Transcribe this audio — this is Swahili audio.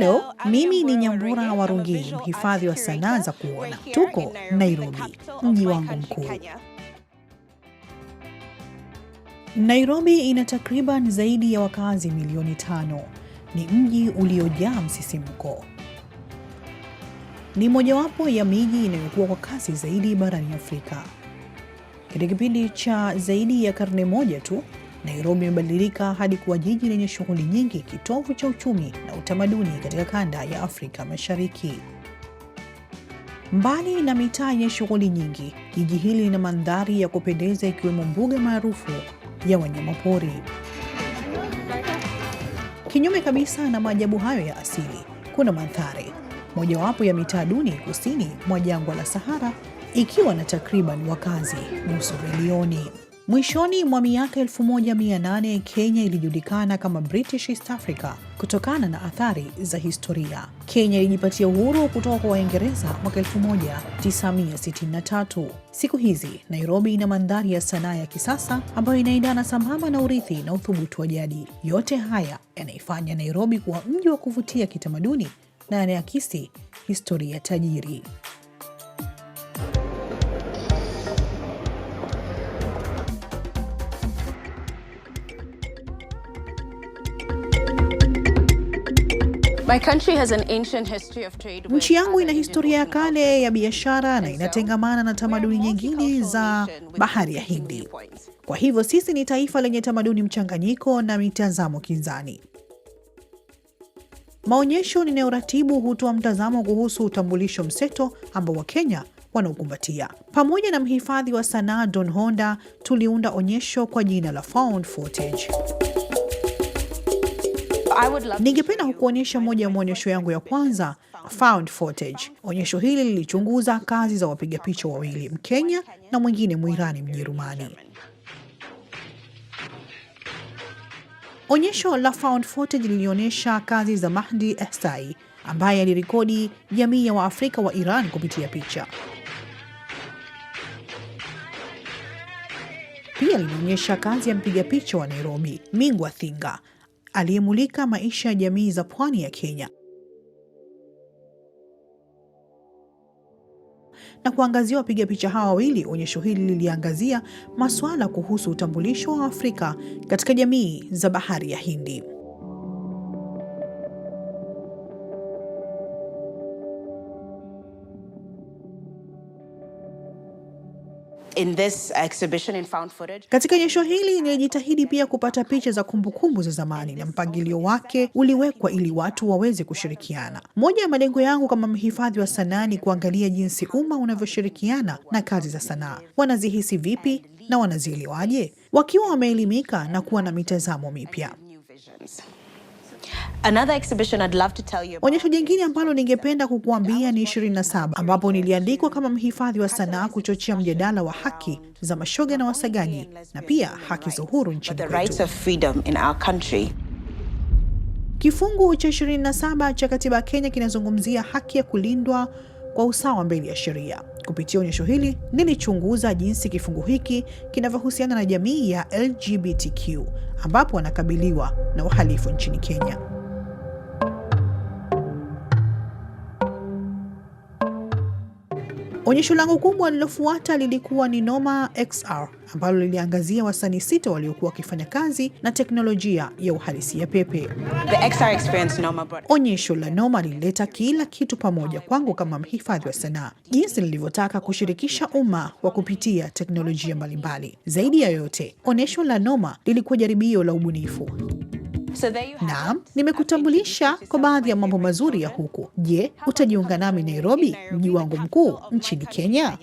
Halo, mimi ni Nyambura wa rungii mhifadhi wa sanaa za kuona. Tuko Nairobi, mji wangu mkuu. Nairobi ina takriban zaidi ya wakazi milioni tano. Ni mji uliojaa msisimko. Ni mojawapo ya miji inayokuwa kwa kasi zaidi barani Afrika. Katika kipindi cha zaidi ya karne moja tu, Nairobi imebadilika hadi kuwa jiji lenye shughuli nyingi, kitovu cha uchumi na utamaduni katika kanda ya Afrika Mashariki. Mbali na mitaa yenye shughuli nyingi, jiji hili lina mandhari ya kupendeza ikiwemo mbuga maarufu ya wanyamapori. Kinyume kabisa na maajabu hayo ya asili, kuna mandhari mojawapo ya mitaa duni kusini mwa jangwa la Sahara ikiwa na takriban wakazi nusu milioni. Mwishoni mwa miaka 1800 Kenya ilijulikana kama British East Africa kutokana na athari za historia. Kenya ilijipatia uhuru kutoka kwa Waingereza mwaka 1963. Siku hizi Nairobi ina mandhari ya sanaa ya kisasa ambayo inaendana sambamba na urithi na uthubutu wa jadi. Yote haya yanaifanya Nairobi kuwa mji wa kuvutia kitamaduni na yanayakisi historia tajiri. Nchi yangu ina historia ya kale ya biashara na inatengamana na tamaduni nyingine za bahari ya Hindi. Kwa hivyo sisi ni taifa lenye tamaduni mchanganyiko na mitazamo kinzani. Maonyesho ninayoratibu hutoa mtazamo kuhusu utambulisho mseto ambao Wakenya wanaokumbatia. Pamoja na mhifadhi wa sanaa Don Honda, tuliunda onyesho kwa jina la Found Footage. Ningependa kukuonyesha moja ya maonyesho yangu ya kwanza, found footage. Onyesho hili lilichunguza kazi za wapiga picha wawili, Mkenya na mwingine Mwirani Mjerumani. Onyesho la found footage lilionyesha kazi za Mahdi Estai ambaye alirekodi jamii ya Waafrika wa Iran kupitia picha. Pia linaonyesha kazi ya mpiga picha wa Nairobi Mingwa Thinga aliyemulika maisha ya jamii za pwani ya Kenya na kuangazia wapiga picha hawa wawili. Onyesho hili liliangazia masuala kuhusu utambulisho wa Afrika katika jamii za Bahari ya Hindi. In this exhibition in found footage. Katika onyesho hili nilijitahidi pia kupata picha za kumbukumbu za zamani na mpangilio wake uliwekwa ili watu waweze kushirikiana. Moja ya malengo yangu kama mhifadhi wa sanaa ni kuangalia jinsi umma unavyoshirikiana na kazi za sanaa, wanazihisi vipi na wanazielewaje, wakiwa wameelimika na kuwa na mitazamo mipya. Onyesho jingine ambalo ningependa kukuambia ni 27 ambapo niliandikwa kama mhifadhi wa sanaa kuchochea mjadala wa haki za mashoga na wasagaji na pia haki za uhuru nchini kwetu. Kifungu cha 27 cha katiba ya Kenya kinazungumzia haki ya kulindwa kwa usawa mbele ya sheria. Kupitia onyesho hili nilichunguza jinsi kifungu hiki kinavyohusiana na jamii ya LGBTQ ambapo wanakabiliwa na uhalifu nchini Kenya. Onyesho langu kubwa lililofuata lilikuwa ni Noma XR, ambalo liliangazia wasanii sita waliokuwa wakifanya kazi na teknolojia ya uhalisia pepe. Onyesho la Noma lilileta kila kitu pamoja kwangu kama mhifadhi wa sanaa, jinsi lilivyotaka kushirikisha umma wa kupitia teknolojia mbalimbali. Zaidi ya yote, onyesho la Noma lilikuwa jaribio la ubunifu. So naam, nimekutambulisha kwa baadhi ya mambo mazuri ya huku. Je, utajiunga nami Nairobi, mji wangu mkuu nchini Kenya?